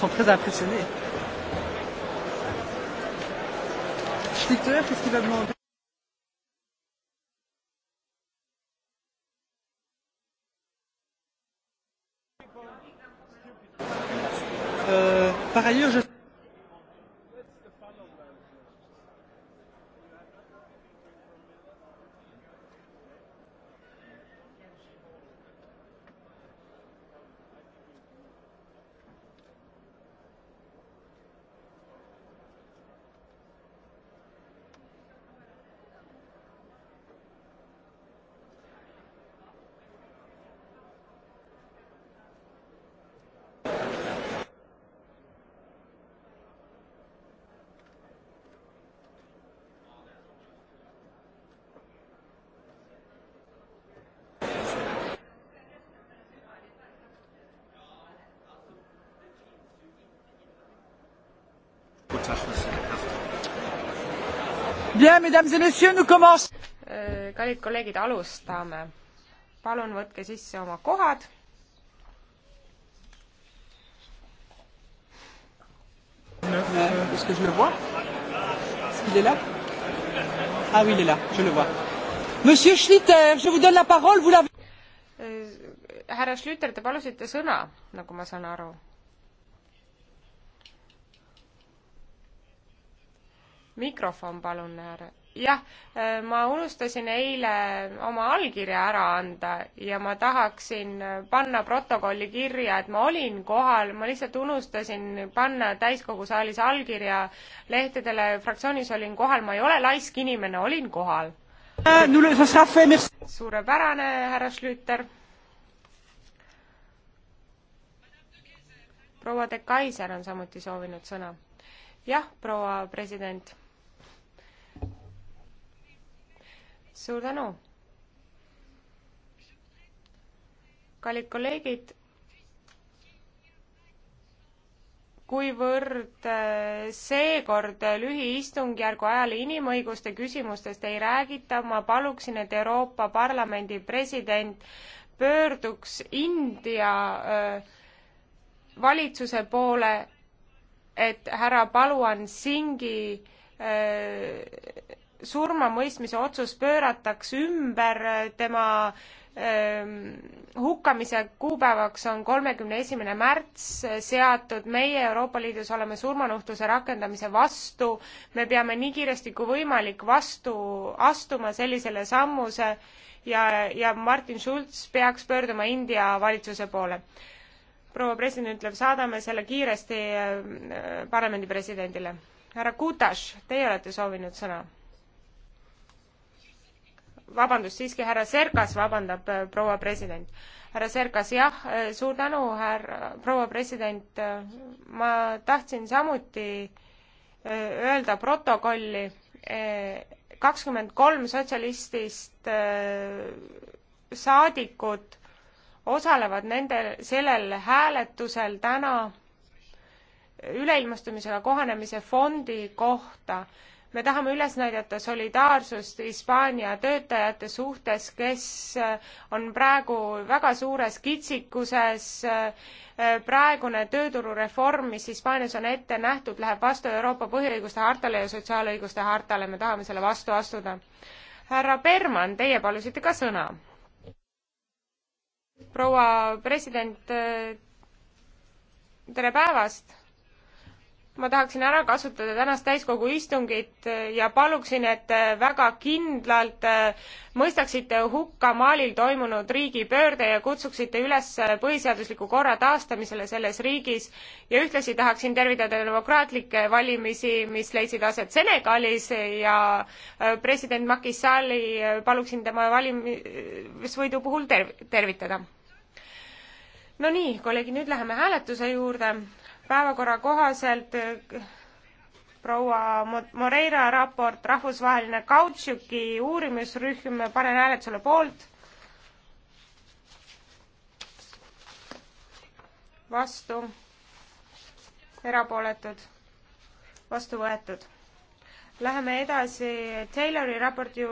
sont très impressionnés. Schlitter, qu'est-ce qu'il va demander euh, Par ailleurs, je Äh, kallid kolleegid, alustame. palun võtke sisse oma kohad. Est-ce que je le vois Est-ce qu'il est là Ah oui, il est là, je le vois. Monsieur Schlitter, je vous donne la parole, vous l'avez. Äh, härra Schlitter, te palusite sõna, nagu ma saan aru mikrofon palun, härra. jah, äh, ma unustasin eile oma allkirja ära anda ja ma tahaksin äh, panna protokolli kirja, et ma olin kohal, ma lihtsalt unustasin panna täiskogu saalis allkirja lehtedele, fraktsioonis olin kohal, ma ei ole laisk inimene, olin kohal. Ah, suurepärane, härra Schlüter. proua de Kaiser on samuti soovinud sõna jah, proua president. suur tänu. kallid kolleegid, kuivõrd äh, seekord lühiistungjärgu ajal inimõiguste küsimustest ei räägita, ma paluksin, et Euroopa Parlamendi president pöörduks India äh, valitsuse poole et härra Paluan Singi äh, surmamõistmise otsus pöörataks ümber, äh, tema ähm, hukkamise kuupäevaks on kolmekümne esimene märts äh, seatud, meie Euroopa Liidus oleme surmanuhtluse rakendamise vastu, me peame nii kiiresti kui võimalik vastu astuma sellisele sammuse ja, ja Martin Schulz peaks pöörduma India valitsuse poole proua president ütleb, saadame selle kiiresti äh, parlamendi presidendile. härra Kutaš, teie olete soovinud sõna? vabandust, siiski härra Serkas vabandab, äh, proua president. härra Serkas, jah, äh, suur tänu, härra, proua president, ma tahtsin samuti öelda protokolli, kakskümmend kolm sotsialistist saadikut osalevad nende, sellel hääletusel täna üleilmastumisega kohanemise fondi kohta. me tahame üles näidata solidaarsust Hispaania töötajate suhtes, kes eh, on praegu väga suures kitsikuses. Eh, praegune tööturureform, mis Hispaanias on ette nähtud, läheb vastu Euroopa põhiõiguste hartale ja sotsiaalõiguste hartale, me tahame selle vastu astuda. härra Berman, teie palusite ka sõna proua president, tere päevast! ma tahaksin ära kasutada tänast täiskogu istungit äh, ja paluksin, et äh, väga kindlalt äh, mõistaksite hukka Malil toimunud riigipöörde ja kutsuksite üles põhiseadusliku korra taastamisele selles riigis ja ühtlasi tahaksin tervitada demokraatlikke valimisi, mis leidsid aset Senegalis ja president Macky Salli paluksin tema valimisvõidu puhul ter-, tervitada. no nii, kolleegid, nüüd läheme hääletuse juurde päevakorra kohaselt proua Moreira raport rahvusvaheline kautšuki uurimisrühm, panen hääletusele poolt. vastu, erapooletud, vastu võetud. Läheme edasi Taylori raporti juurde.